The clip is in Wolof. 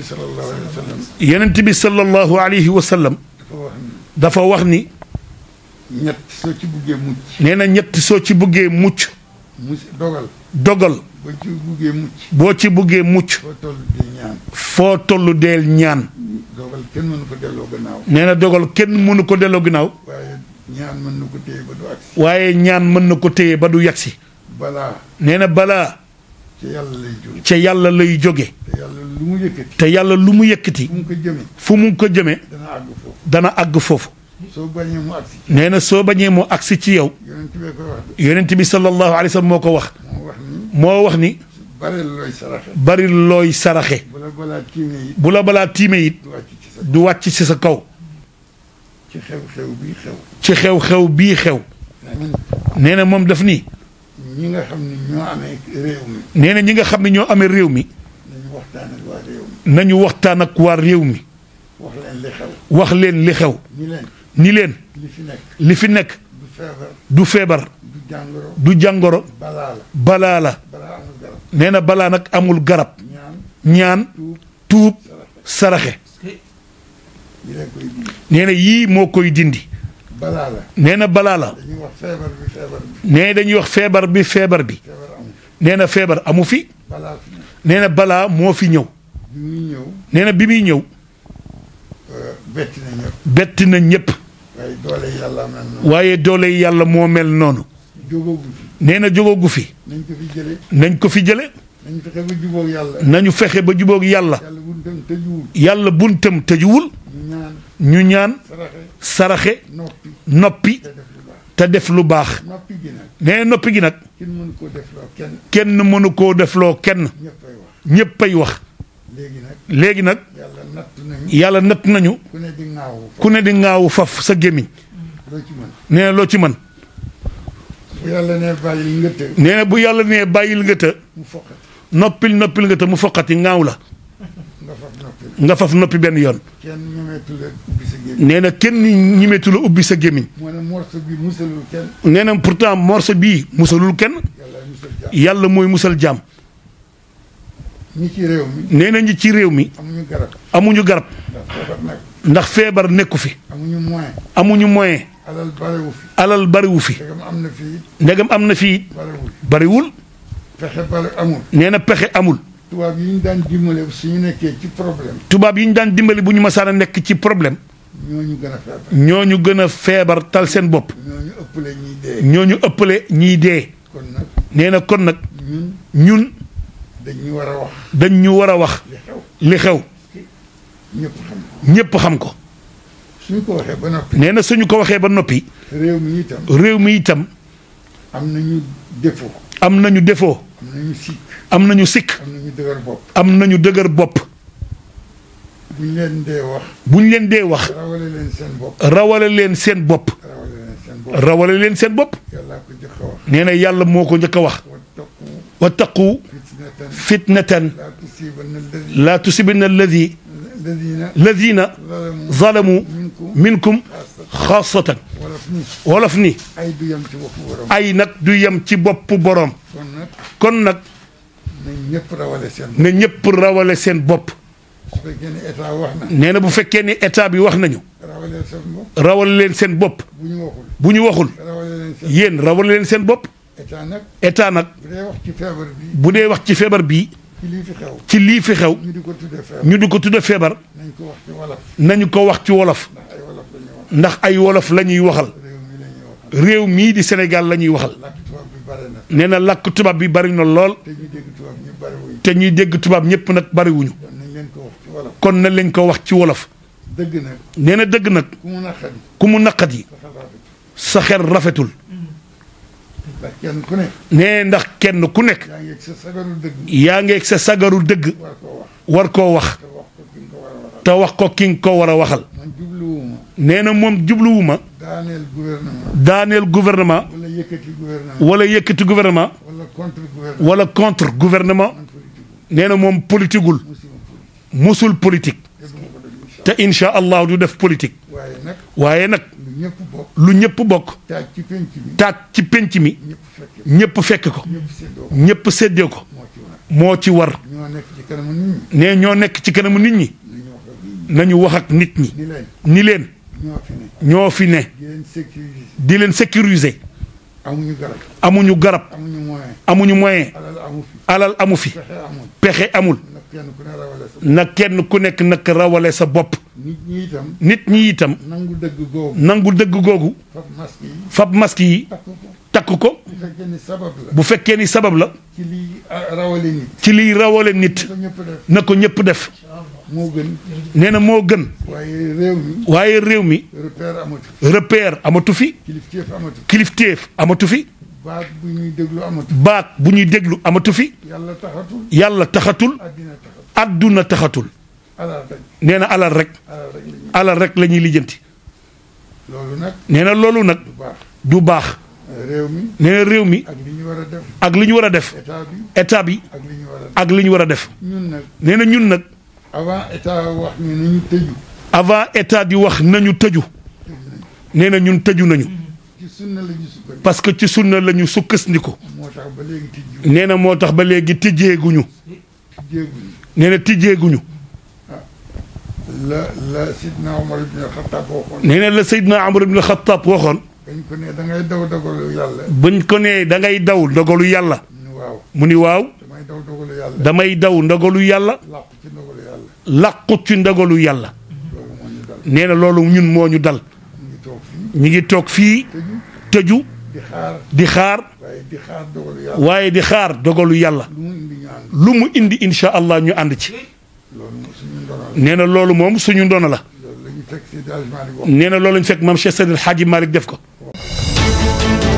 bi sallallahu alayhi wa sallam. yonent bi sallallahu alayhi wa sallam. dafa wax ni. ñett soo ci buggee mucc. na ñett soo ci buggee mucc. mu dogal. dogal. boo ci buggee mucc. boo ci buggee mucc. foo toll deel ñaan. foo dogal kenn mënu ko delloo ginnaaw. dogal kenn mënu ko delloo ginnaaw. waaye ñaan mën na ko téye ba du yagsi. balaa. balaa. ca yàlla lay jóge te yàlla lu mu yëkkati fu mu ko jëme dana àgg foofu nee na soo bañee mu agsi ci yow yonent bi sallallahu alayhi wa sallam moo ko wax moo wax ni bari looy saraxe bu la balaa tiime it du wàcc ci sa kaw ci xew-xew bii xew nee na moom daf nii ñi nga xam ne ñi nga xam ne ñoo amee réew mi. nañu waxtaan ak waa réew mi. wax leen li xew. ni leen. li fi nekk. du feebar. du du jàngoro. balaa la. balaa na balaa nag amul garab. ñaan tuub saraxe. nee yii moo koy dindi. balaa la na balaa la. dañuy wax nee dañuy wax feebar bi feebar bi. nee na feebar amu fi. nee na balaa moo fi ñëw. nee na bi muy ñëw. Euh, betti na ñëpp. betti na ñëpp. waaye doole yi yàlla moo mel noonu. nee na jógoogu fi. nañ ko fi jëlee. nañ ko fi jëlee. nañu fexe ba jubóog yàlla. nañu fexe ba jubóog yàlla. yàlla buntam tëjuwul. ñu ñaan. saraxe. noppi te def lu baax nee noppi gi nag kenn mënu koo defloo kenn ñëppay wax léegi nag yàlla natt nañu ku ne di ŋaawu faf sa gémmiñ nee loo ci mën nee bu yàlla nee bàyyil nga të noppil noppil nga të mu foqati ŋaaw la nga faf noppi benn yoon. nee na kenn ñimetu la ubbi sa gémmiñ. nee na pourtant morceau bii musalul kenn. yàlla mooy musal jaam. ñi nee na ñi ci réew mi. amuñu garab amuñu garab. ndax feebar nekku fi. amuñu moyen. amuñu moyen. alal bariwu fi. ndegam am na fii. ndegam am na fii. bariwul. pexe pexe amul. tubaab yi ñu daan dimbale suñu nekkee tubaab yi ñu daan dimbale bu ñu masaan nekk ci problème. ñooñu gën a feebar. gën a feebar tal seen bopp. ñooñu ëppale ñiy dee. ñooñu ëppale ñii dee. kon nag nee na kon nag. ñun ñun. war a wax. ñu war a wax. li xew ñépp xam ko. suñu ko waxee na suñu ko waxee ba noppi. réew mi itam réew mi itam. am nañu ñu am am nañu sikk. am nañu sikk am nañu dëgër bopp am nañu dëgër bopp. buñ leen dee wax. buñ leen dee wax. rawale leen seen bopp. rawale leen seen bopp. rawale leen seen bopp. nee na yàlla moo ko njëkk a wax. wattaqu fitnatan laa tusibanna alladi ladina zalamu minkum xaasatan wolof ni ay nag du yem ci bopp boroom kon nag ne ñëpp rawale seen bopp. ne ñëpp rawale seen bopp. su fekkee ne na. bu fekkee ne état bi wax nañu. rawale leen seen bopp. leen seen bopp. bu ñu waxul bu ñu waxul. yéen rawale leen seen bopp. état nag état nag. bu dee wax ci feebar bi bu ci bii. ci lii fi xew ñu di ko tudde feebar ñu di ko tudde feebar. nañu ko wax ci wolof. ko wax ci wolof. ndax ay wolof la waxal. réew mii di Sénégal la waxal. nee na làkk tubaab bi bari na lool te ñuy dégg tubaab ñëpp nag bariwuñu kon na leen ko wax ci wolof dëgg na dëgg nag ku mu naqat rafetul nee ndax kenn ku nekk yaa ngeeg sa sagaru dëgg war koo wax te wax ko ki nga ko war a waxal nee na moom jubluwuma daaneel gouvernement wala yëkkati gouvernement wala contre gouvernement nee na moom politiqueul musul politique te incha allah du def politique waaye nag lu ñëpp bokk taat ci penc mi ñëpp fekk ko ñëpp séddee ko moo ci war ne ñoo nekk ci kanamu nit ñi nañu wax ak nit ñi ni leen ñoo fi ne di leen sécuriser amuñu garab amuñu garab. amuñu moyen amuñu moyen. alal amu fi pexe amul. na kenn ku nekk nag rawale sa bopp. nit ñi itam. nit nangu dëgg googu. nangu dëgg googu. fab masque yi. takk ko bu fekkee ni sabab la. ci liy rawale nit. ci liy rawale nit. na ko ñëpp def. moo gën. na moo gën. waaye réew mi. waaye réew mi. repère amatu fi. repère amatu kilifteef amatu fi. kilifteef amatu fi. baat bu ñuy déglu amatu. fi. yàlla taxatul. yàlla taxatul. adduna taxatul. alal rek. nee na alal rek. alal rek la ñuy lijjanti. loolu nag. nee na loolu nag. du baax. réew mi réew mi. ak li ñu war a def. ak li ñu war a def. état bi. ak li ñu war a def. ñun nee na ñun nag. avant état wax di wax nañu tëju. nee na ñun tëju nañu. parce que ci sunna la ñu sukkandiku. nee na moo tax ba léegi tijjeeguñu. nee na tijjeeguñu. Ah, la la Seydina Omar ibn Khattab waxoon. nee na la Seydina Omar ibn Khattab ko nee da ngay daw dogalu yàlla. bañ ko da ngay daw dogalu yàlla. mu ni waaw. damay daw dogalu yàlla. damay daw ndogalu yàlla. làqu ci ndagalu yàlla nee na loolu ñun moo ñu dal ñu ngi toog fii tëju di xaar waaye di xaar dogalu yàlla lu mu indi incha allah ñu ànd ci nee na loolu moom suñu ndono la nee na loolu ñu fekk maam Cheikh Seydil Hadji Malick def ko